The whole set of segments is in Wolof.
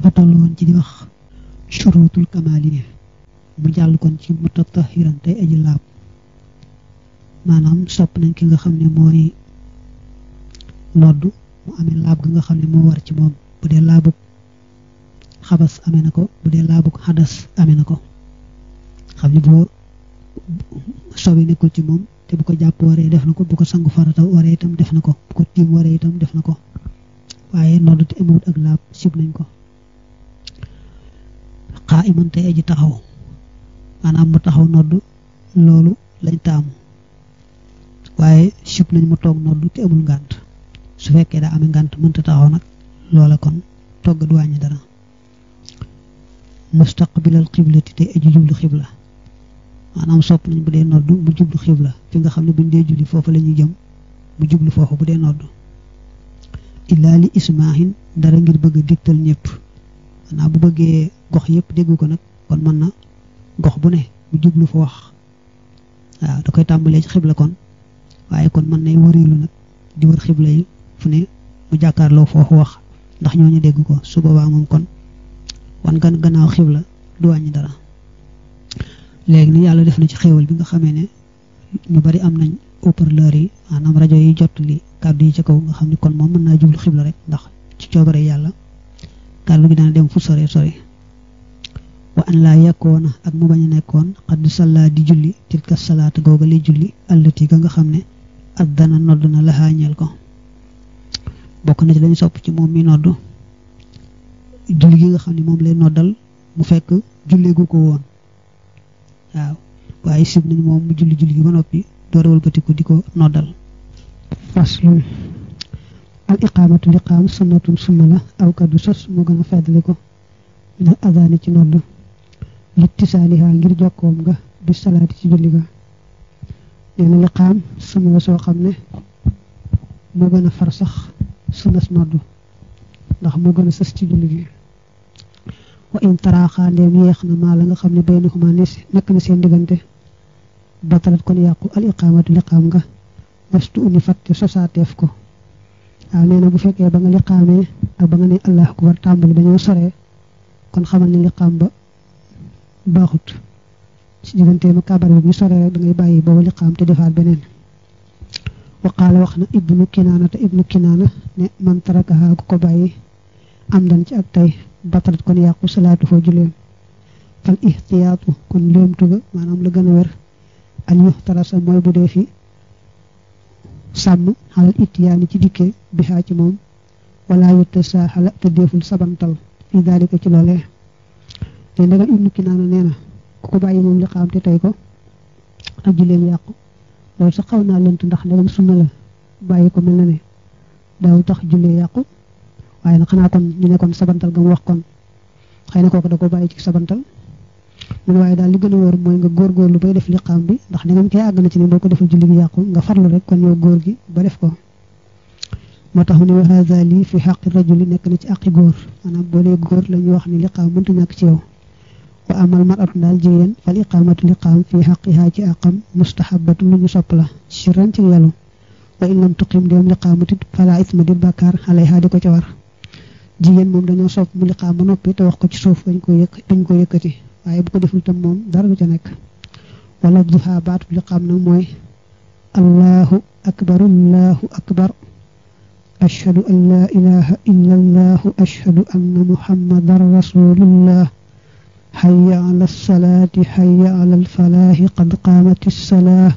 dafa ci di wax shurutul kamaali mu jàll kon ci mutatahiran tey aji laab maanaam sopp nañ ki nga xam ne mooy nodd mu amee laab gi nga xam ne moo war ci moom bu dee laabug xabas amee na ko bu dee xadas amee na ko xam ne boo sobi nekkul ci moom te bu ko jàpp waree def na ko bu ko sangu farata waree itam def na ko bu ko tiim waree itam def na ko waaye nodd te amut ak laab sib nañ ko xaa imun tey aji taxaw maanaam mu taxaw nodd loolu lañ taamu waaye sib nañ mu toog nodd te amul ngànt su fekkee daa amee ngànt mënta taxaw nag loola kon togg du wàññi dara mustaqbilal xiblati te aji jublu xibla maanaam sopp nañ bu dee nodd mu jublu xibla fi nga xam ne buñ dee julli foofu la ñuy jëm mu jublu foofu bu dee nodd illaa li ismaahin dara ngir bëgg a ñépp ñëpp bu bëggee gox yëpp dégg ko nag kon mën na gox bu ne bu jublu fa wax waaw da koy tàmbalee ci xibla kon waaye kon mën nay wërilu nag di wër xibla yi fu ne mu jàkkaarloo foofu wax ndax ñooñu dégg ko suba boobaa moom kon wan gan gannaaw xibla du wàññi dara léegi ni yàlla def na ci xéewal bi nga xamee ne ñu bari am nañ haut-parleur yi maanaam rajo yi jot li kàddu yi ci kaw nga xam ne kon moom mën naa jublu xibla rek ndax ci coobare yàlla kàddu bi dana dem fu sore sore wa an laa yakkoona ak mu nekkoon xadd di julli tilka salaata googa lay nga xam ne addana nodd na na ci dañu sopp ci moom mi nodd julli gi xam ne moom lay noddal mu fekk julleegu ko woon waaw waaye sib nañu moom ba noppi di ko noddal faslun la aw kaddu sos moo gën a feddali ko na adaani ci nodd littisaaliha ngir jokkoom nga bi salaati ci julli ga nee na liqaam sunna la soo xam ne moo gën a far sax sunnas noddu ndax moo gën a sës ci julli gi wa in taraaxaa ndeem yeex na maa la nga xam ne bay na xumaa nekk na seen diggante batalat kon yàqu al iqaamatu liqaam nga wastu uni fatte sosaateef ko waaw nee na bu fekkee ba nga liqaamee ak ba nga ne allahu akbar tàmbali dañoo soree kon xamal ne liqaam ba baaxut ci digganteem ak kabar bi ñu sore rek da ngay bàyyi booba liqaam te defaat beneen waqaala wax na ibnu kinaana te ibnu kinaana ne man tarakaha ku ko bàyyi am dan ci ab tey batarat kon yàqu salaatu foo juleem fal ihtiyaatu kon léemtu ga maanaam la gën a wér al yuhtarasa mooy bu dee fi sàmm xalal ittiyaani ci dikkee bi xaa ci moom wala yutta saa xala te deeful sabantal fii daalika ci loolee te ndagal ibnu kinaana nee na ku ko bàyyi moom te tey ko ak julleem yàqu loolu sax xaw naa lënt ndax ndegam sunna la ko mel na ne daaw tax jullee yàqu waaye nag xanaa kon ñu ne kon sabantal ga wax kon xëy na kooku da ko bàyyi ci sabantal mun waaye daal li gën a mooy nga góorgóorlu bay def liqaam bi ndax ndegam kee àgg na ci ne boo ko defee julli gi yàqu nga farlu rek kon yow góor gi ba def ko moo tax mu ne wa haza lii fi xaqi rajuli nekk na ci àqi góor maanaam boo dee góor la ñuy wax ni liqaam mënta ñàkk ci yow wa amal mar'atu daal jigéen fal iqaamatu liqaam fi xaqiha ci àqam mustahabatu lu ñu sopp la sirran ci yàllu wa in lam tuqim dem liqaamati fala isma di bàkkaar alayha di ko ca war jigéen moom dañoo sopp mu liqaam ba noppi te wax ko ci suuf dañ ko yëkk dañ ko yëkkati waaye bu ko deful tam moom dara du ca nekk wala duha baatu liqaam nag mooy allahu akbar allahu akbar ashhadu an la ilaha allahu ashhadu anna muhammadan rasulullah حي على الصلاة حي على الفلاح قد قامت الصلاة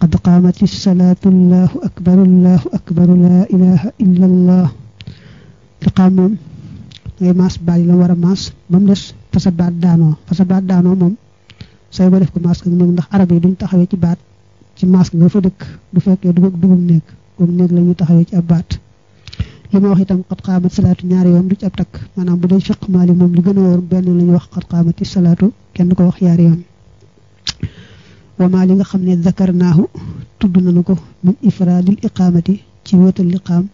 قد قامت الصلاة الله أكبر الله أكبر لا إله إلا الله liqaam moom ngay maas baat la war a maas ba mu des fa sa baat daanoo fa sa baat daanoo moom say ba def ko maas ak néeg ndax arab yi duñ taxawee ci baat ci maas nga fa dëkk bu fekkee dugub dugub néeg comme néeg la ñuy taxawee ci ab baat li ma wax tam xat xaamat salaatu ñaari yoon du ci ab takk maanaam bu dee fiq maali moom li gën a wóor benn la ñu wax xat xaamati salaatu kenn ko wax yaar yoon wamaa li nga xam ne zakarnaahu tudd nañu ko min ifraadil iqaamati ci wéetal liqaam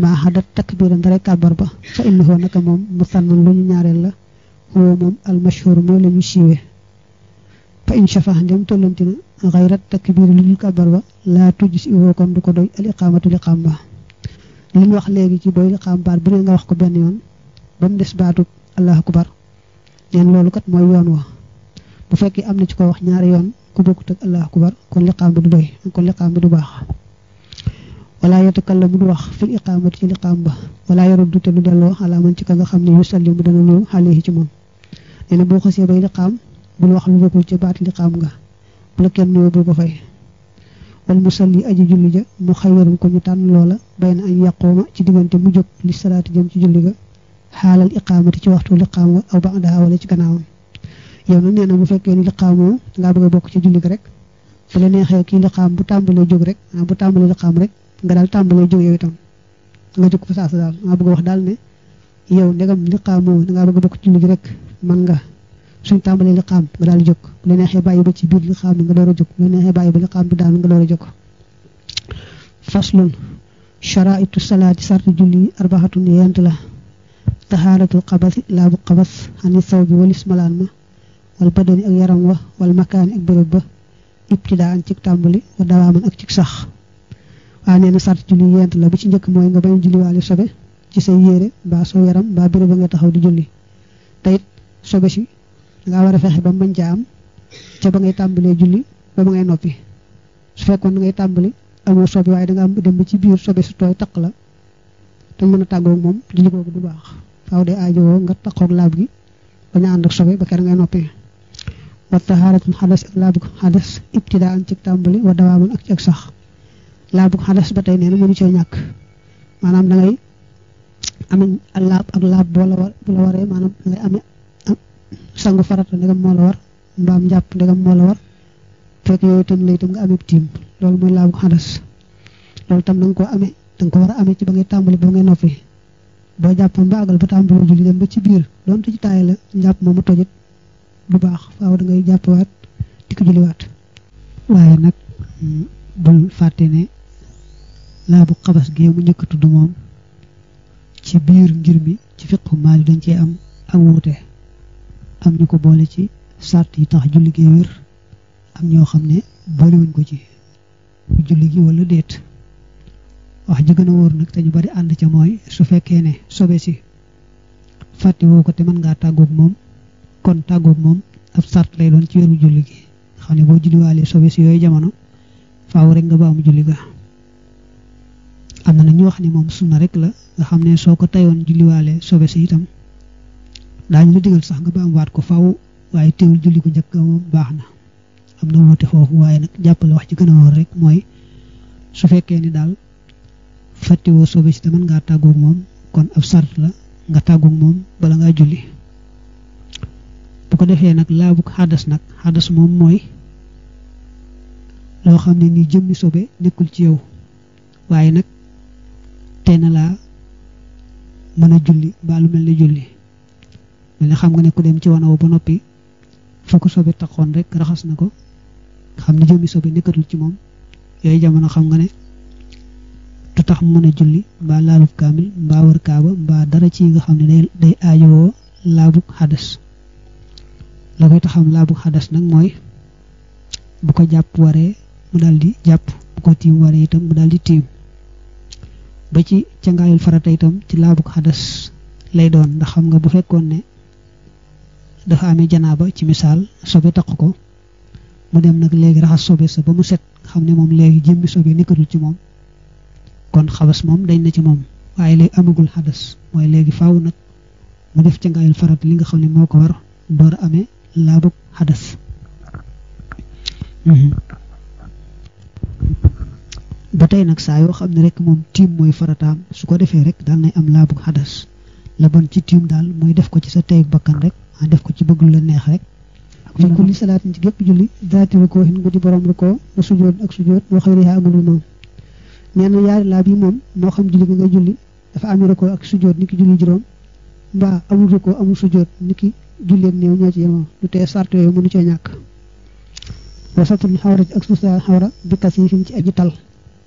maa xadat takbiran dara kàbbar ba fa innahu naka moom musannan lu ñu ñaareel la woo moom almashhur mooy la ñu siiwee fa in shafa ndem tollanti na xayrat lu ñu kàbbar ba laa tujj si woo kon du ko doy al li nga wax léegi ci doy xam baat bu ne nga wax ko benn yoon ba mu des baatu allahu akbar neen loolu kat mooy yoon wa bu fekkee am na ci ko wax ñaari yoon ku bokkut ak allahu akbar kon liqaam bi du doy kon liqaam bi du baax wala yatakallamu du wax fil iqaamati ci liqaam ba wala yaruddu te du delloo ala man ci ka nga xam ne yusallimu dana nuyu alayhi ci moom nee na boo xasee bay liqaam bul wax lu bokkul ci baat liqaam nga bu la kenn nuyoo bul ko fay wal musalli aji julli ja mu xayyarun ko ñu tànn loola bay na añ yàqooma ci diggante mu jóg li salaati jëm ci julli ga xaalal iqaamati ci waxtu liqaam wa aw ba'daha wala ci gannaawam yow nag nee na bu fekkee ne liqaam moom dangaa bëgg a bokk ci julli ga rek bu la neexee kii liqaam bu tàmbalee jóg rek ah bu tàmbalee liqaam rek nga daal tàmbalee jóg yow itam nga jóg fa saasa daal dangaa bëgg a wax daal ne yow ndegam liqaam moom dangaa bëgg a bokk ci julli gi rek man nga suñ tàmbali li xaam nga daal di jóg bu neexee bàyyi ba ci biir li xaam bi a jóg bu la neexee bàyyi bi daal nga door a jóg faslun charaitu salaati sarti julli arbaxatun yent la taxaaratul xabasi laa bu xabas xani saw bi walis malaan ma wal badani ak yaram wa wal makaani ak béréb ba ibtidaan ci tàmbali wa dawaaman ak ci sax waaye nee na sart julli yent la bi ci njëkk mooy nga bañ julliwaale sobe ci say yére mbaa soo yaram mbaa béréb ba nga taxaw di julli te sobe si nga war a fexe ba mën caa am ca ba ngay tàmbalee julli ba ba ngay noppi su fekkoon da ngay tàmbali amoo sobe waaye da nga am dem ba ci biir sobe su tooy taq la te mën a moom julli googu baax faaw de aajowoo nga taqoog laab gi ba ñu ànd ak sobe ba kër ngay noppi. wa tahaaratum xadas ak laabug xadas ibtidaan ci tàmbali wa dawaaman ak ci ak sax laabug xadas ba tey nee na mënu cee ñàkk maanaam da ngay laab ak laab boo la waree maanaam da ngay sangu farata ndegam moo la war mbaam njàpp ndegam moo la war fekk yooyu tam la itam nga amee tiim loolu mooy laabu xadas loolu tam na nga koo amee da nga ko war a amee ci ba ngay tàmbali ba ngay noppi boo jàppoon ba àggal ba tàmbali julli dem ba ci biir donte ci taay la njàpp moomu tojit bu baax faaw da ngay jàppiwaat di ko julliwaat waaye nag mm, bul fàtte ne laabu xabas gi mu njëkk tudd moom ci biir ngir mi ci fiqu maali dañ cee am ak wuute am ñu ko boole ci sart yi tax julli gi wér am ñoo xam ne boolewuñ ko ci julli gi wala déet wax ji gën wóor nag te ñu bari ànd ca mooy su fekkee ne sobe si fàtte woo ko te mën ngaa tàggoog moom kon tàggoog moom ab sart lay doon ci wéru julli gi xam ne boo julliwaalee sobe si yooyu jamono faaw rek nga mu julli ga am na ñu wax ni moom sunna rek la nga xam ne soo ko tayoon julliwaale sobe si itam daañu la digal sax nga waat ko faw waaye teewul julli ko njëkk moom baax na am na wuute foofu waaye nag jàppale wax ci gën a wóor rek mooy su fekkee ni daal fàttewoo soobee si te mën ngaa tàggoog moom kon ab sart la nga tàggoog moom bala ngaa julli bu ko defee nag laabu xadas nag xadas moom mooy loo xam ne nii jëmmi sobe nekkul ci yow waaye nag te na laa mën a julli mbaa lu mel ne julli mel ne xam nga dem ci wanaw ba noppi fa ko sobe raxas na ko xam ne jëmmi sobe nekkatul ci moom yooyu jamono xam nga ne du tax mu mën a julli mbaa laalub kaamil mbaa wër kaaba mbaa dara ci xam ne day day aajowoo la koy taxam laabu xadas nag mooy bu ko jàpp waree mu daal di jàpp bu ko tiim waree itam mu daal di tiim ba ci cangaayul farata itam ci laabu xadas lay doon ndax xam nga bu fekkoon ne dafa amee janaaba ci misaal sobe taq ko mu dem nag léegi raxas sobe sa ba mu set xam ne moom léegi jëmmi sobe nekkatul ci moom kon xawas moom dañ na ci moom waaye léegi amagul xadas mooy léegi faw nag mu def ca ngaayul farat li nga xam ne moo ko war door a amee laabug xadas mhm. ba tey nag saa yoo xam ne rek moom tiim mooy farataam su ko defee rek daal nay am laabug xadas la bon ci tiim daal mooy def ko ci sa tey bakkan rek Ah, def ko ci bëgg lu la neex rek min kulli salaatin ci gépp julli daati rukkoo hin guddi borom rukkoo wa sujjóot ak sujjóot wa xëyriha ak lu moom nee na yaari laab yi moom moo xam julli nga ngay julli dafa am rukkoo ak sujjóot ni ki julli juróom mbaa amul rukkoo amul sujjóot ni ki julleeg néew ñoo ci yemoo lu tee sart yooyu mënu cee ñàkk wasatul xawra ak suusa xawra bi kas yi fi ci aji tal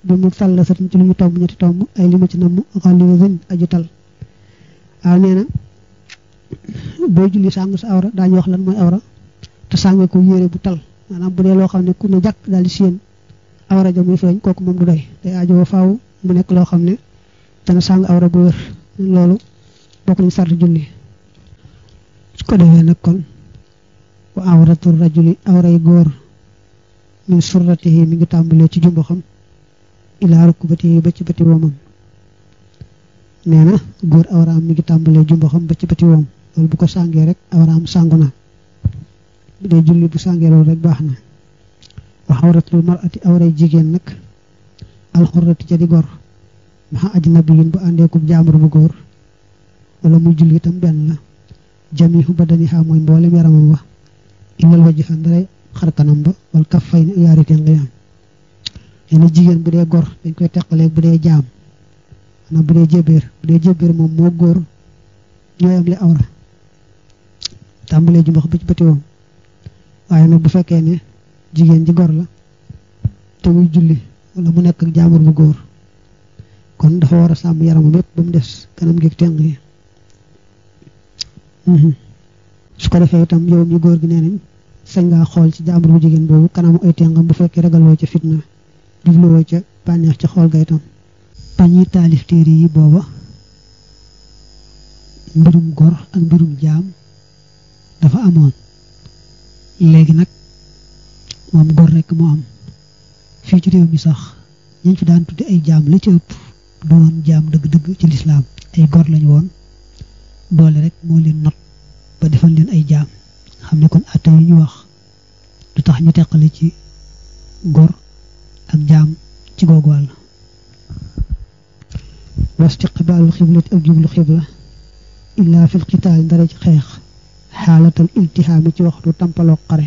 bi mu sàll la satin ci lu ñu tomb ñetti tomb ay li ci namm xolli wa aji tal waaw ah, na booy julli sàng sa awra daañu wax lan mooy awra te sànge ko yére bu tal maanaam bu dee loo xam ne ku ne jàkk daal di séen awra ja muy feeñ kooku moom du doy day aajoo faaw mu nekk loo xam ne dana sàng awra bu wér loolu bokk nañ sart julli su ko defee nag kon wa awratul rajuli awray góor min surratihi mi ngi tàmbalee ci jumbo xam ilaa rukbatihi ba ci bati woomam nee na góor awraam mi ngi tàmbalee jumbo xam ba ci bati woom loolu bu ko sàngee rek awraam sàngu na bu dee julli bu sàngee loolu rek baax na waxawratul marati awray jigéen nag alxurrati ca di gor bi ajnabiyin bu àndeekub jaamur bu góor wala muy julli itam benn la jamihu badaniha mooy mboolem yaramam wa illal wajha ndaray xarkanam ba wal kaffay ni yaari teen nga yaam yenn jigéen bu dee gor dañ koy teqaleeg bu dee jaam ana bu dee jébéer bu dee jébéer moom moo góor ñooyam li awra tàmbalee jumbax ba ci bëti woom waaye nag bu fekkee ne jigéen ji gor la te muy julli wala mu nekk ak jaamur bu góor kon dafa war a sàmm yaramam yépp ba mu des kanam gi teng yi mhm. su ko defee itam yow mi góor gi nee nañ sañ ngaa xool ci jaamur bu jigéen boobu kanamu ay tengam bu fekkee ragaloo ca fitna jubluwoo ca bànneex ca xool ga itam ba taalif téere yi booba mbirum gor ak mbirum jaam dafa amoon léegi nag moom góor rekk moo am fii ci réew mi sax ñañ fi daan tuddi ay jaam la ci ëpp du woon jaam dëgg-dëgg ci lislaam ay góor lañu woon doole rek moo leen not ba defal leen ay jaam xam ne kon atte yi ñu wax du tax ñu teqale ci góor ak jaam ci googu wàll wastiqbaalu xiblat ak jublu xibla illaa fil qitaal dara ci xeex xaalatal iltihaami ci waxtu tampaloo xare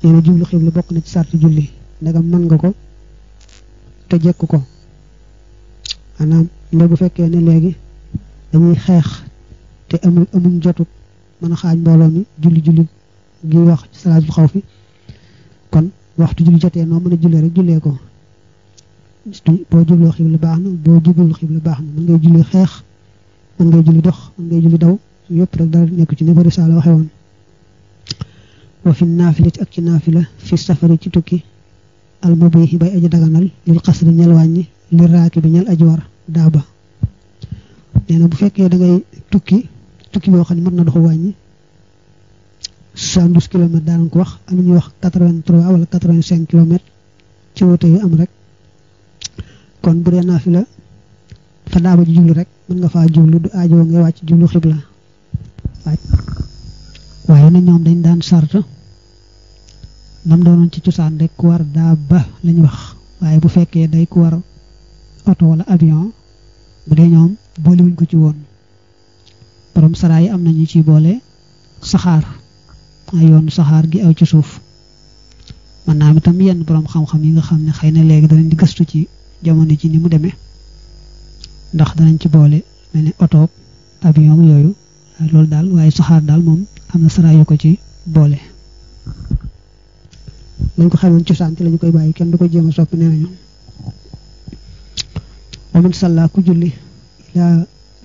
nee na jublu xibla bokk na ci sarti julli ndegam mën nga ko te jekk ko maanaam ne bu fekkee ne léegi dañuy xeex te amul amuñ jotut mën a xaaj mbooloo mi julli julli gi wax ci salaatul xaw fi kon waxtu julli jotee noo mën a jullee rek jullee ko boo jubloo xibla baax na boo jublul xibla baax na mën ngay julli xeex mën ngay julli dox mën ngay julli daw yëpp rek dara nekk ci ne ko risaala waxe woon wa fi naafila ci ak ci naafila fi safari ci tukki almubihi bay aji daganal lil xasri ñel wàññi li raaki bi ñel aji war daaba nee na bu fekkee da ngay tukki tukki boo xam ne mën na dox wàññi 72 kilomètres daanañ ko wax am ñuy wax 83 wala 85 kilomètres ci wute yu am rek kon bu dee naafila fa daaba ji jublu rek mën nga faa jublu du aajoo ngay wàcc jublu la waaye na ñoom dañ daan sart nam doonoon ci cosaan de ku war daa ba lañ wax waaye bu fekkee day ku war oto wala avion bu dee ñoom boolewuñ ko ci woon borom saraa yi am nañu ci boole saxaar ay yoon saxaar gi aw ci suuf man naa tam yenn boroom xam-xam yi nga xam ne xëy na léegi danañ di gëstu ci jamono ji ni mu demee ndax danañ ci boole mel ni oto avion yooyu loolu daal waaye saxaar daal moom am na saraa yu ko ci boole. nañ ko xamoon cosaan ci lañu koy bàyyi kenn du ko jéem a soppi nee nañu ku julli ilaa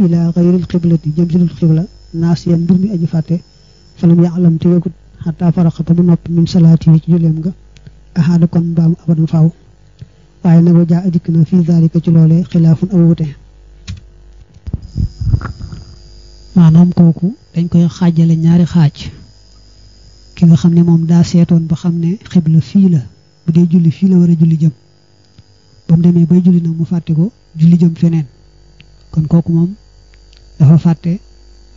ilaa xayril xiblati jëm ci dul xibla naas yeen mbir mi aji fàtte falam yaalam te yëgut xataa faraxa ba mu noppi min salaati yi ci julleem nga ahaada kon mbaamu abadan faw waaye nag wa jaa a dikk na fii ko ci loolee xilaafun aw maanaam kooku dañ koy xaajale ñaari xaaj ki nga xam ne moom daa seetoon ba xam ne xibla fii la bu dee julli fii la war a julli jëm ba mu demee bay julli nag mu fàtte ko julli jëm feneen kon kooku moom dafa fàtte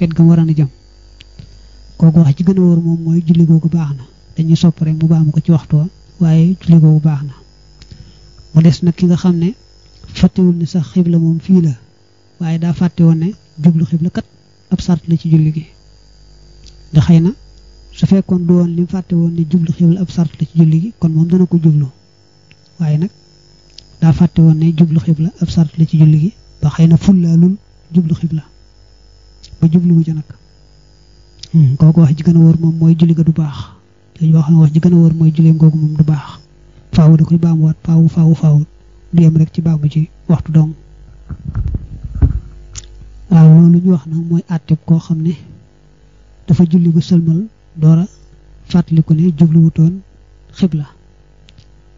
wet ga waroon a jëm kooku wax ci gën a wóor moom mooy julli googu baax na dañuy sopp rek mu baamu ko ci waxtu wa waaye julli googu baax na mu des nag ki nga xam ne fàttewul ne sax xibla moom fii la waaye daa fàtte woon ne jublu xibla kat ab sart la ci julli gi da xëy na su fekkoon du woon li fàtte woon ne jublu xibla ab sart la ci julli gi kon moom dana ko jublu waaye nag daa fàtte woon ne jublu xibla ab sart la ci julli gi ba xëy na fullaalul jublu xibla ba jublu wu ca nag hmm, kooku wax ji gën a wóor moom mooy julli ga du baax dañu wax ne wax ji gën a wóor mooy julleem googu moom du baax faaw da koy baamuwaat faaw faaw faaw du ci baamu ci waxtu dong waaw lu ñu wax nag mooy àtteb koo xam ne dafa julli ba sëlmal door a fàttaliku ne jubluwutoon xibla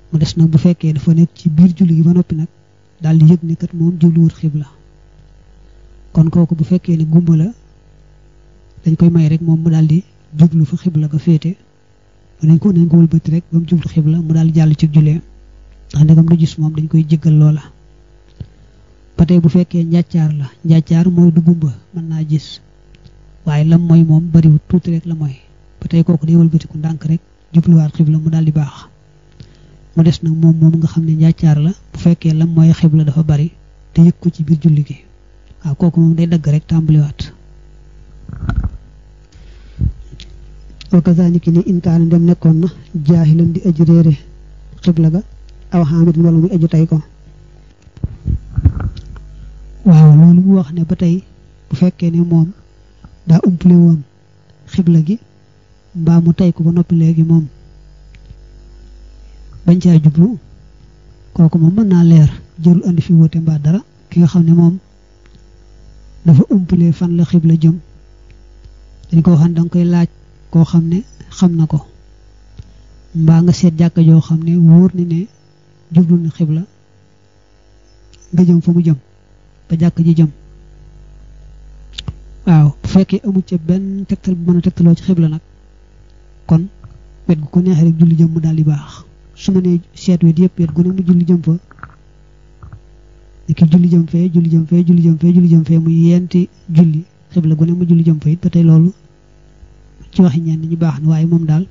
mu des nag bu fekkee dafa nekk ci biir julli gi ba noppi nag daal di yëg ne kat moom jubluwut xibla kon kooku bu fekkee ne gumba la dañ koy may rek moom mu daal di jublu fa xibla ga féete nañ ko nañ ko wëlbati rek ba mu jublu xibla mu daal di jàll ci jullee ndax ndegam du gis moom dañ koy jéggal loola ba bu fekkee njàccaar la njàccaar mooy du ba mën naa gis waaye lam mooy moom bariwut tuuti rek la mooy ba kooku day wëlbatiku ndànk rek jubluwaat xibla mu daal di baax mu des nag moom moom nga xam ne njàccaar la bu fekkee lam mooy xibla dafa bari te yëg ko ci biir julli gi waaw kooku moom day dagg rek tàmbaliwaat wakazaliki ni inkaana dem nekkoon na jaahilan di aji réere xibla ga aw xaamit wala muy aji tay ko waaw loolu mu wax ne ba tey bu fekkee ne moom daa umpale woon xibla gi mbaa mu tey ko ba noppi léegi moom bañ caa jublu kooku moom mën naa leer jërul andi fi woote mbaa dara ki nga xam ne moom dafa umpale fan la xibla jëm dañ ko waxan danga koy laaj koo xam ne xam na ko mbaa nga seet jàkka joo xam ne wóor ni ne jublu na xibla nga jëm fa mu jëm ba jàkk ji jëm waaw bu fekkee amu ca benn tegtal bu mën a tegtaloo ci xibla nag kon wet gu ko neexee rek julli jëm mu daal di baax su ma nee seet wet yëpp wet gu ne mu julli jëm fa ki julli jëm fee julli jëm fee julli jëm fee muy yenti julli xibla gu ne mu julli jëm fa tey loolu ci waxi ñenn ñu baax na waaye moom daal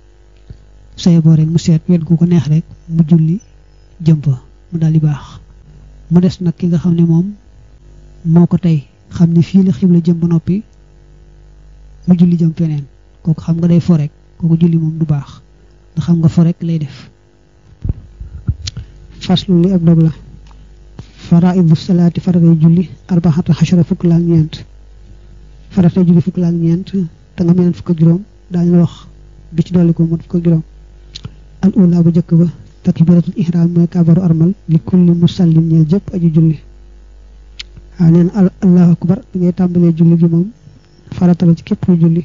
say mu seet wet gu ko neex rek mu julli mu daal di baax mu des nag ki nga xam ne moom moo ko tey xam ni fii la xibla jëm ba noppi mu julli jëm feneen kooku xam nga day fo rek kooku julli moom du baax nga xam nga fo lay def faslu li ab dog la faraidu salaati faratay julli arbaxata xashara fukk laa ñeent faratay fukk laak ñeent te nga meneen fukk ak juróom daañu wax bi ci dolli ko mu fukk ak juróom al bu njëkk ba takbiratul ihram mooy kabaru armal li kulli musallim ñeel jëpp aju julli waaw nee na allahu akbar bi ngay tàmbalee julli gi moom farata ci képp kuy julli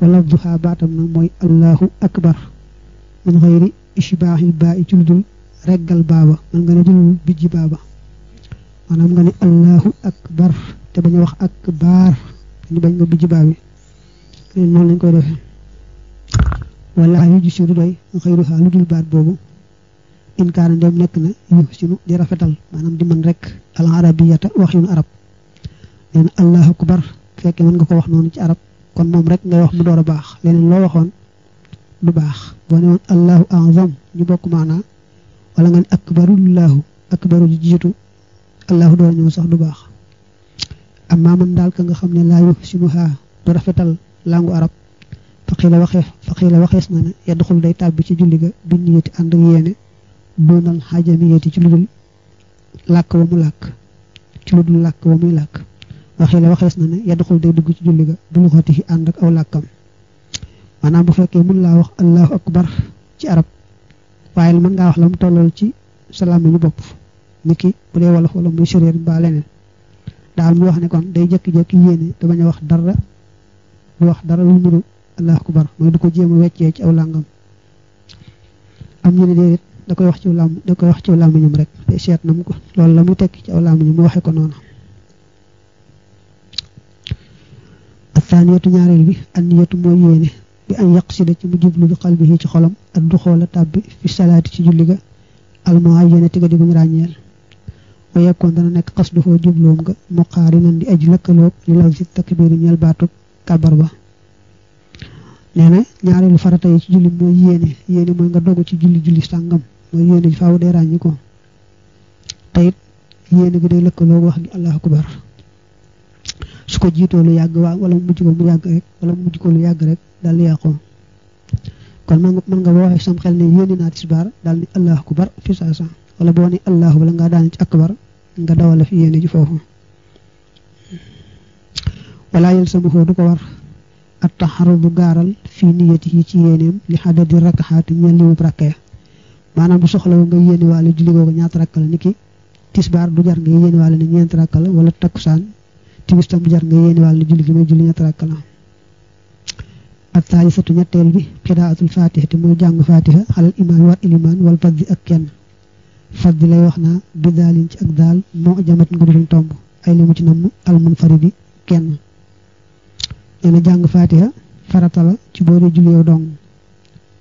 wala duha baatam nag mooy allahu akbar min xëyri i ci lu dul baaba man nga ne dul bijji baaba maanaam nga ne allahu akbar te bañ a wax akbar dañu bañ nga bijji baa bi léegi lañ koy defee wala yu ji si du doy xëyruha lu dul baat boobu inkaana ndem nekk na yu sinu di rafetal maanaam di mën rek al arabiyata wax yunu arab nee na allahu akbar fekkee mën nga ko wax noonu ci arab kon moom rek nga wax mu door a baax leneen loo waxoon du baax boo ne woon allahu azam ñu bokk maanaa wala nga ne akbarullahu akbaru ji jiitu allahu door a ñëw sax du baax amma man daal ka nga xam ne laa yu sinuha du rafetal langu arab faqila waxee faqila waxees na ne yadxul day tàbbi ci julli ga bi niyati ànd ak yéene doonal xajamiyati ci lu dul làkk wa mu làkk ci lu dul làkk wa muy làkk waxee la waxees na ne yadduxul day dugg ci julli ga bu mu xotti ci ànd ak aw làkkam maanaam bu fekkee mën laa wax allahu akbar ci arab waaye mën ngaa wax la mu tollool ci salaam ñu bopp niki bu dee wolof wala muy séréer mbaa leneen daal mu wax ne kon day jékki-jékki yéene te bañ a wax dara du wax dara lu nuru allahu akbar mooy du ko jéem a weccee ci aw làngam da koy wax ci lam da koy wax ci làmmiñam rek te seet na mu ko loolu la muy tekki ci aw làmmiñam mu waxe ko noonu athaniyatu ñaareel bi an niyatu mooy yéene bi an yaqsida ci mu jublu bi xal bi ci xolam ak du xoola tàbbi fi salaati ci julli ga almuayyanati ga di buñ ràññeel wa yekkoon dana nekk xasduhoo jubloom nga muqaarinan di aj lëkkaloog li lafzi takbiir ñeel baatu kabar ba nee na ñaareelu farata yi ci julli mooy yéene yéene mooy nga dogu ci julli julli sàngam mooy yéene ji faaw dee ràññi ko te it yéene gi day lëkkaloo wax gi allahu akbar su ko jiitoo lu yàgg waa wala mu mujj ko wala mu ko lu yàgg rek daal di yàqoo kon man nga mën nga boo waxee sam xel ne yéene naa tisbaar daal ni allahu akbar fi saa saa wala boo ne allahu wala ngaa daan ci akbar nga dawale fi yéene ji foofu wala yel sama xoo du ko war at taxaru bu gaaral fii niyati yi ci yéeneem li xadadi rakaxaati ñel limu rakkee maanaam bu soxlawo nga yéeni waale julli googu ñaata rakk la niki tisbaar du jar nga yéeni waale ne ñeenti rakk la wala takkusaan timis tam du jar nga yéeni waale ne julli gi may julli ñaata rakk la ak taalisatu ñetteel bi xiraatul fatiha te muy jàng fatiha xalal imaan war ilimaan wal faddi ak kenn faddi lay wax naa bi daalin ci ak daal moo jamat nga dudum tomb ay limu ci namm almun faridi kenn nee na jàng fatiha farata la ci boo dee julli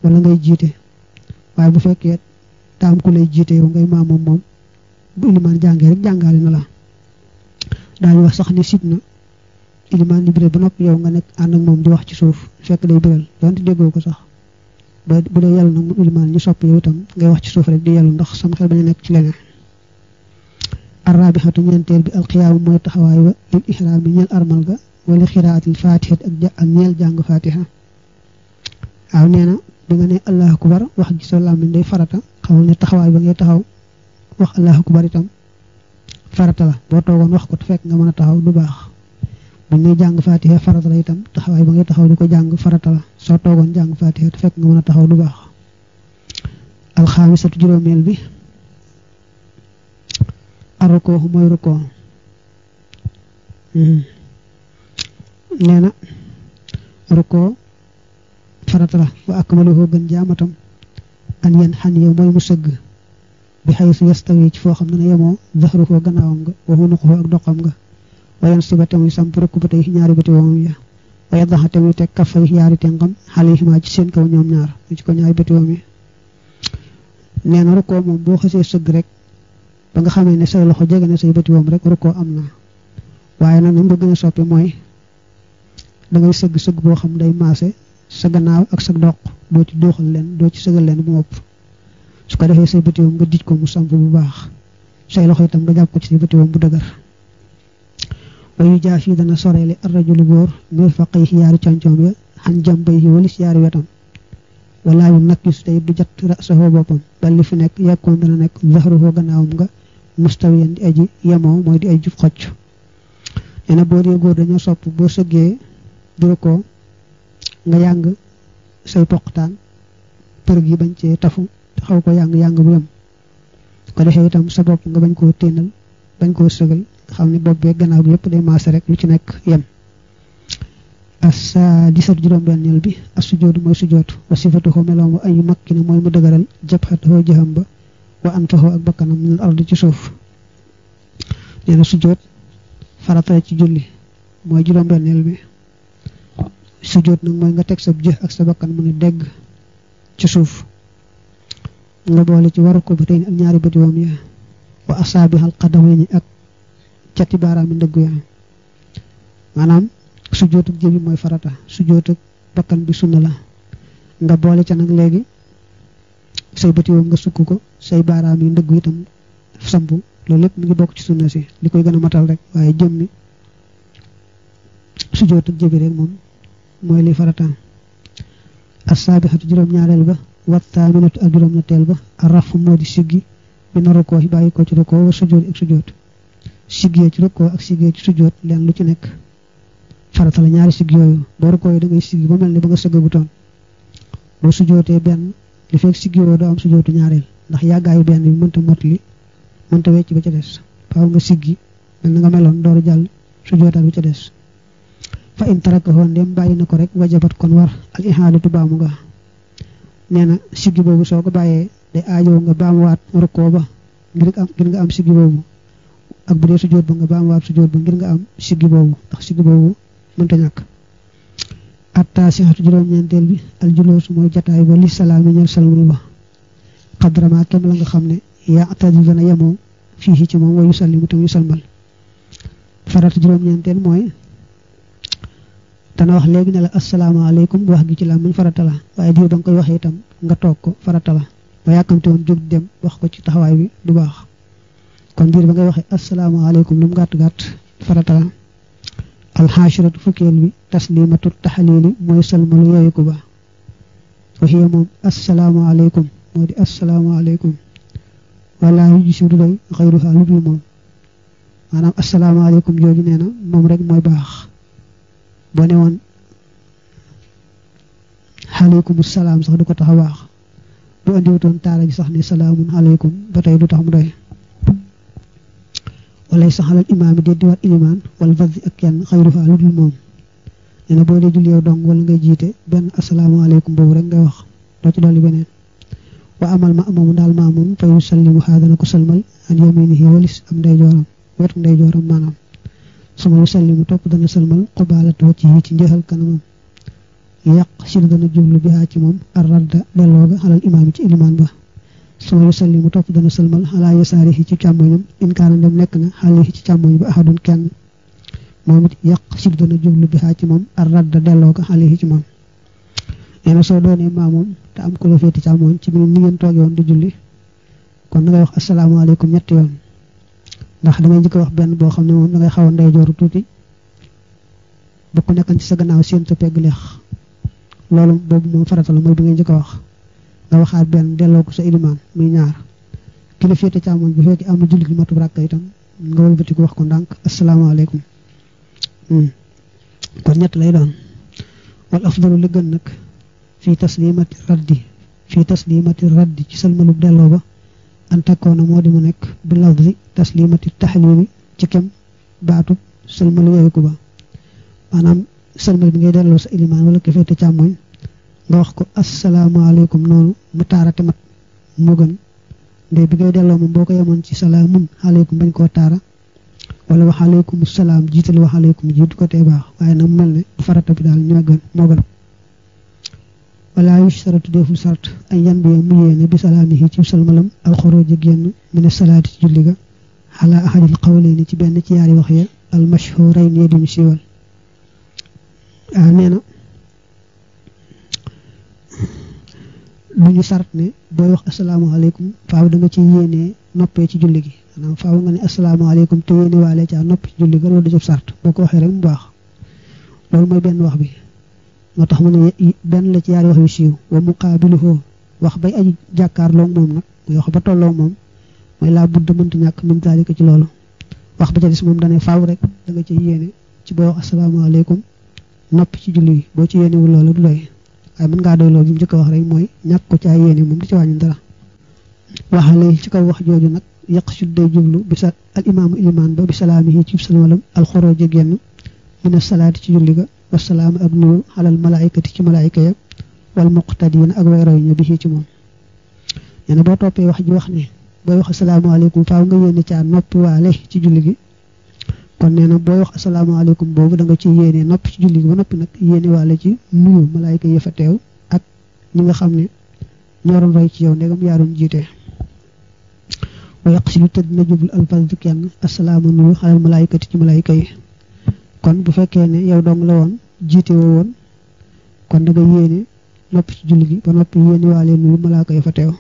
wala ngay jiite waaye bu fekkee daam ku lay jiite yow ngay maamoom moom bu ilimaan jàngee rek jàngaale na la daañu wax sax ni sit na ilimaan ni biral nopp noppi yow nga nekk ànd ak moom di wax ci suuf fekk day biral donte déggoo ko sax ba bu dee yàlla nag mu ilimaan ñu soppi yow itam ngay wax ci suuf rek di yàllu ndax sam xel bañu nekk ci leneen arrabihatu ñeenteel bi alxiyaamu mooy taxawaay wa lil ihraam yi ñeel armal ga wala xiraatil faatihat ak ak ñeel jàng faatiha waaw nee ba nga ne allahu akbar wax gi soo làmmiñ day farata xamal ne taxawaay ba ngay taxaw wax allahu akbar itam farata la boo toogoon wax ko te fekk nga mën a taxaw du baax bu ñuy jàng faatiha farata la itam taxawaay ba ngay taxaw di ko jàng farata la soo toogoon jàng faatiha te fekk nga mën a taxaw du baax alxaamisatu juróomeel bi arukooxu mooy rukoo hmm. nee na rukoo farata la wa akmaluhu gën jaamatam an yan xan yow mooy mu sëgg bi xay su yastawi ci foo xam ne ne yemoo zahruhu gannaawam nga wa hunuquhu ak doqam nga wayan siba te muy samp rëkku ba tey ñaari bëti woomam te muy teg kafa yi ci seen ñoom ñaar ko ñaari bëti woom yi nee na rukkoo moom boo xasee sëgg rek ba nga xamee ne say loxo jege na say bëti woom rek rukkoo am waaye nag nañ ko soppi mooy dangay sëgg sëgg boo xam day maase sa gannaaw ak sa doq doo ci dooxal leen doo ci sëgal leen bu mopp su ko defee say bëtiwam nga dij ko mu samp bu baax say loxo itam nga jàpp ko ci say bëtiwam bu dëgër wayu jaa fii dana soreeli arrajulu góor muy faq yi yaari coñcoom ya xan jàmbay yi walis yaari wetam walaa yu nag su tey du jat rasaxoo boppam bal li fi nekk yekkoon dana nekk zahruhoo gannaawam nga mustawiyan di aji yemoo mooy di ay jub xocc nee na boo góor dañoo sopp boo sëggee duru ko nga yàng say poqtaan përëg yi bañ cee tafu te xaw ko yàng yàng bu yem ko defee itam sa bopp nga bañ koo téenal bañ koo sëgal nga ne bopp bee gannaaw bi yëpp day maase rek lu ci nekk yem asa di sat juróom-benneel bi as sujoodu mooy sujoot wa sifatuhu meloom ay yu makki ne mooy mu dëgëral jabhatahu jëxam ba wa anfahu ak bakkanam minal ardi ci suuf nee na sujoot farata ci julli mooy juróom-benneel bi sujjóot nag mooy nga teg sab jë ak sa bakkan mu ne dégg ci suuf nga boole ci waru ko ba tey ak ñaari bët yoom ya wa asaabi xal xadawayni ak cati baaraami ndëgg ya maanaam sujjóot ak jëbi mooy farata sujjóot ak bakkan bi sunna la nga boole ca nag léegi say bët nga sukk ko say baaraam yi ndëgg itam sampu loolu lépp mu ngi bokk ci sunna si li koy gën a matal rek waaye jëmmi sujjóot ak jëbi rek moom mooy li farataam assaabixatu juróom-ñaareel ba wattaaminatu ak juróom-ñetteel ba rafu moo di siggi bi na rukkoo bàyyi ko ci rukkoo war sujjóot ak sujjóot siggee ci rukkoo ak siggee ci sujjóot leen lu ci nekk farata ñaari sigg yooyu boo rukkoo yi da ngay siggi ba mel ni ba nga sëggagutoon boo sujjóotee benn li fekk siggi woo doo am sujjóotu ñaareel ndax yàggaayu benn bi mënta mot li mënta wecc ba ca des faaw nga siggi mel na nga meloon dooru jàll sujjóotaat bi ca des fa in bàyyi na ko rek wajabat kon war al ihaalatu baamu nga nee na siggi boobu soo ko bàyyee day aajoo nga baamuwaat rukkoo ba ngir nga am siggi boobu ak bu dee sujjóot ba nga ba ngir nga am siggi boobu ndax siggi boobu mënta ñàkk atta sixatu juróom-ñeenteel bi al su mooy jataay ba li salaami ñel salmul ba xadrama kem la nga xam ne yaa tadi dana yemoo fii ci moom wayu sallimu salmal farata juróom-ñeenteel mooy dana wax léegi ne la asalaamaaleykum wax gi ci la farata la waaye diw da nga koy waxee itam nga toog ko farata la ba yàkkamte woon jóg dem wax ko ci taxawaay bi du baax kon biir ba ngay waxee asalaamaaleykum lu mu gàtt gàtt farata la alxaasiratu fukkeel bi taslimatu taxalili mooy salmalu yooyu ko ba waxiya moom asalaamaaleykum moo di asalaamaaleykum wala yu ji si du doy xayruha lu dul moom maanaam asalaamaaleykum jooju nee na moom rek baax boo woon aleykum salaam sax du ko tax a waax bu indiwutoon taala ji sax ne salaamun aleykum ba tey du tax mu doy walay sax alal imaam yi di war ilimaan wala vas ak kenn xayru na boo dee julli yow ngay jiite benn asalaamaaleykum boobu rek ngay wax doo ci dolli beneen wa amal ma amamu daal maamoom fa yusallimu xaa dana ko salmal an yaminihi walis am ndeyjooram wetu ndeyjooram maanaam suma yusallimu topp dana sëlmal xubaalat wacc yi ci njëxal kanamam yàq si dana jublu bi haa ci moom ar radda delloo ga xalal ci ilimaan ba suma yusallimu topp dana sëlmal xalaa yasaari ci càmmoñam inkaana nekk na xale yi ci càmmoñ ba ahadun kenn moom it yàq si dana jublu bi haa ci moom ar radda delloo ga xale yi ci moom nee na soo doonee maamoom te am ku la féeti càmmoñ ci biir ni ngeen tooge woon di julli kon na ngay wax asalaamaaleykum ñetti yoon ndax damay njëkk wax benn boo xam ne moom dangay xaw a ndeyjooru tuuti bu ko ci sa gannaaw seen sa pegg leex loolu boobu moom farata la mooy bi ngay njëkk wax nga waxaat benn delloo ko sa ilimaan muy ñaar ki la féete càmmoñ bu fekkee amul jullit matub ràkka itam nga wëlbati ko wax ko ndànk asalaamaaleykum hmm. kon ñett lay doon wal afdalu li gën nag fii taslimati raddi fii taslimati raddi ci salmalub delloo ba an takkoona moo di mu nekk bi lafzi taslimati taxalili ci kem baatu sëlmal wéeku ba maanaam sëlmal bi ngay delloo sa ilimaan wala ki féete càmmoñ nga wax ko asalaamaaleykum noonu mu taarati mat moo gën ndey bi ngay delloo moom boo ko yemoon ci salaamun aleykum bañ koo taara wala wax aleykum salaam jiital wax aleykum jiitu ko tee baax waaye nag mel ne farata bi daal ñoo gën moo gën wala yu saratu deful sart ay yan bi mu yéene bi salaamihi ci salmalam alxorooji génn mine salaati ci julli ga ala ahadil qawlayni ci benn ci yaari wax ya al mashhurayn ya duñu siiwal waaw ah, nee na duñu sart ne booy wax asalaamaaleykum faaw da nga ci yéenee noppee ci julli gi maanaam faaw nga ne asalaamaaleykum te yéene waalee caa nopp ci julli ga loolu du ci sart boo ko waxee rek mu baax loolu mooy benn wax bi moo tax mu ne benn la ci yaari wax yu siiw wa muqaabiluhu wax bay aji jàkkaarloo moom nag muy wax ba tolloo moom mooy laa budd mënta ñàkk min zalika ci loolu wax ba ca si moom dane faaw rek da nga ci yéene ci boo wax asalaamaaleykum noppi ci julli yi boo ci yéenewul loolu du doy waaye mën ngaa doy loolu bi mu njëkk wax rek mooy ñàkk ko caa yéene moom di ci wàññi dara waxale ci kaw wax jooju nag yàq su day jublu bisa al imaamu ilimaan ba bi salaamihi ci salaam al xoroo ja génn mina salaati ci julli ga wasalaam ak nuyu alal malaayikati ci malaayika ya wal muqtadiin ak way raw ñu bi ci moom nee boo toppee wax ji wax ni booy wax asalaamaaleykum faaw nga yéene caa noppi waale ci julli gi kon nee na booy wax asalaamaaleykum boobu da nga ci yéene nopp ci julli ba noppi nag yéene waale ci nuyu malaayika ya fa teew ak ñi nga xam ni ñoo doon ci yow ndegam yaa jiite wa yaq si yu tëdd na jublu alfaz du kenn asalaamu nuyu alal malaayikati ci malaayika yi kon bu fekkee ne yow dong la woon jiite woo woon kon da nga yéene noppi ci julli gi ba noppi yéene waale nuyu malaaka ya fa teew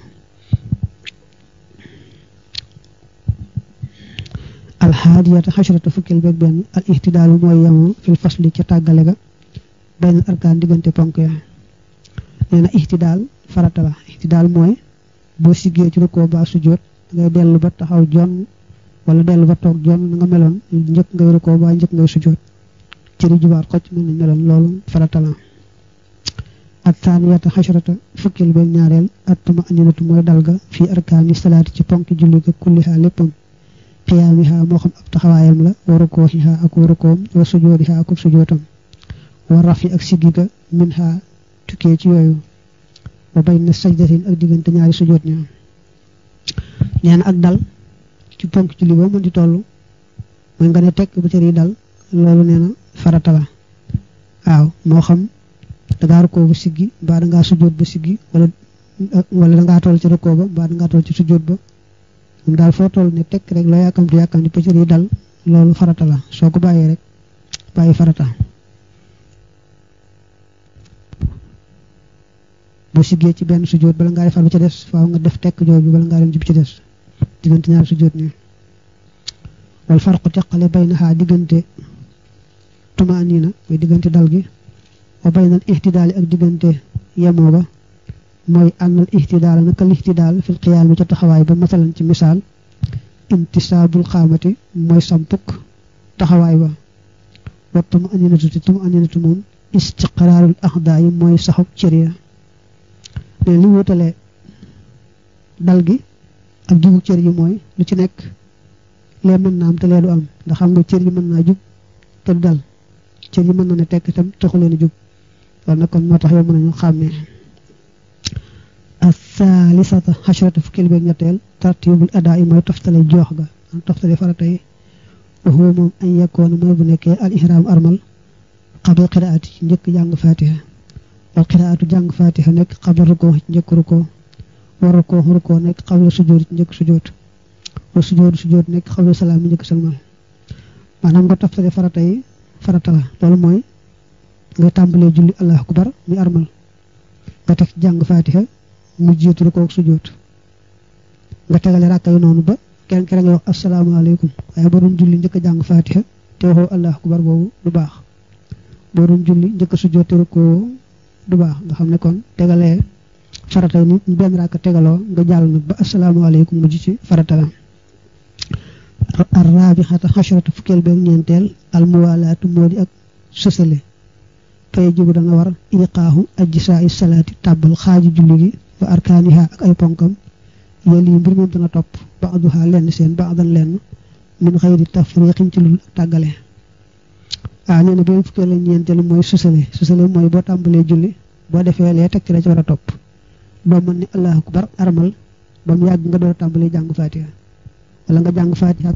alxaadiyata xasharata fukkeel beeg benn al ihtidaalu mooy ca tàggale ga benn arkaan diggante ponk ya nee na farata la ihtidaal mooy boo siggee ci rukkoo baa sujjóot ngay dellu ba taxaw jonn wala dellu ba toog jonn na nga meloon njëkk ngay rukkoo baa njëkk ngay sujjóot cëri jubaat xocc mel nañ meloon loolu farata la ak taaniyata fukkeel ba ñaareel ak tuma aninatu mooy dalga fii arkaani salaati ci ponk julli ga kulliha léppam qiyaamiha moo xam ab taxawaayam la wa rukooxiha ak wa rukoom wa sujoodiha ak sujootam wa rafi ak siggi ga minha tukkee ci yooyu wa bayna sajdatin ak diggante ñaari sujoot ña nee na ak dal ci ponk julli boo mën di toll mooy nga ne tekk ba cër dal loolu farata la waaw moo xam dangaa rukkoo ba siggi mbaa dangaa sujjóot ba siggi wala wala dangaa toll ci rukkoo ba mbaa dangaa toll ci sujjóot ba moom daal foo toll ni tekk rek loo yàkkamti yàkkamti pëccër yi dal loolu farata la soo ko bàyyee rek bàyyi farata boo siggee ci benn sujjóot bala ngaa defar bu ci des faaw nga def tekk jooju bala ngaa dem ci bu ca des diggante ñaar sujjóot nii wal farqu teqale baynaha diggante tumaaniina mooy diggante dal gi wa baynal ihtidaali ak diggante yemoo ba mooy ànnal ihtidaala naka lihtidaal fil xiyaam ca taxawaay ba masalan ci misaal intisaabul xaamati mooy sampuk taxawaay ba wa tumaaniinatu te tumaaniinatu moom istiqraarul axdaa yi mooy saxuk cër ya ne dal gi ak juguk cër yi mooy lu ci nekk lee mën naa am te lee am ndax xam nga cër yi mën naa jug te du dal ca li mënoon a tekk itam taxu leen a jóg kon moo tax yow mën nañu xàmmee athalisata xashrata fukkeel beeg ñetteel tartibul adaa yi mooy toftale joox ga toftale farata yi waxuwa moom añ yakkoon mooy bu nekkee al ihram armal xabla qiraati ci njëkk jàng fatiha wal qiraatu jàng fatiha nekk xabla rukoo ci njëkk rukoo nekk xabla sujood ci njëkk sujood wa sujood sujood nekk xabla salaam ci njëkk salmal maanaam nga toftale farata yi farata la loolu mooy nga tàmbalee julli allahu akbar muy armal nga teg jàng faatiha mu jiitu rukoo ak sujjóot nga tegale ràkka yu noonu ba kenn kenn nga wax asalaamaaleykum waaye boo doon julli njëkk a jàng faatiha te waxoo allahu akbar boobu du baax boo julli njëkk a sujjóot du baax nga xam ne kon tegalee farata yi ni benn rakk tegaloo nga jàll nag ba asalaamaaleykum mujj ci farata arraabixata xasharata fukkeel beeg ñeenteel almuwaalaatu moo di ak sësale fay jibu dana war iqaahu ajjisaa i salaati tàbbal xaaju julli gi wa arkaaniha ak ay ponkam yooyu lii mbir moom dana topp baaduha lenn seen baadan lenn min xëyri tafriqin ci lul tàggale waaw ah, nee na beneen fukkeel la ñeenteel mooy sësale sësale mooy boo tàmbalee julli boo defee lee teg ci la ci war a topp doo mën ne allahu akbar armal ba mu yàgg nga door tàmbalee jàng faatiha wala nga jàng faatiha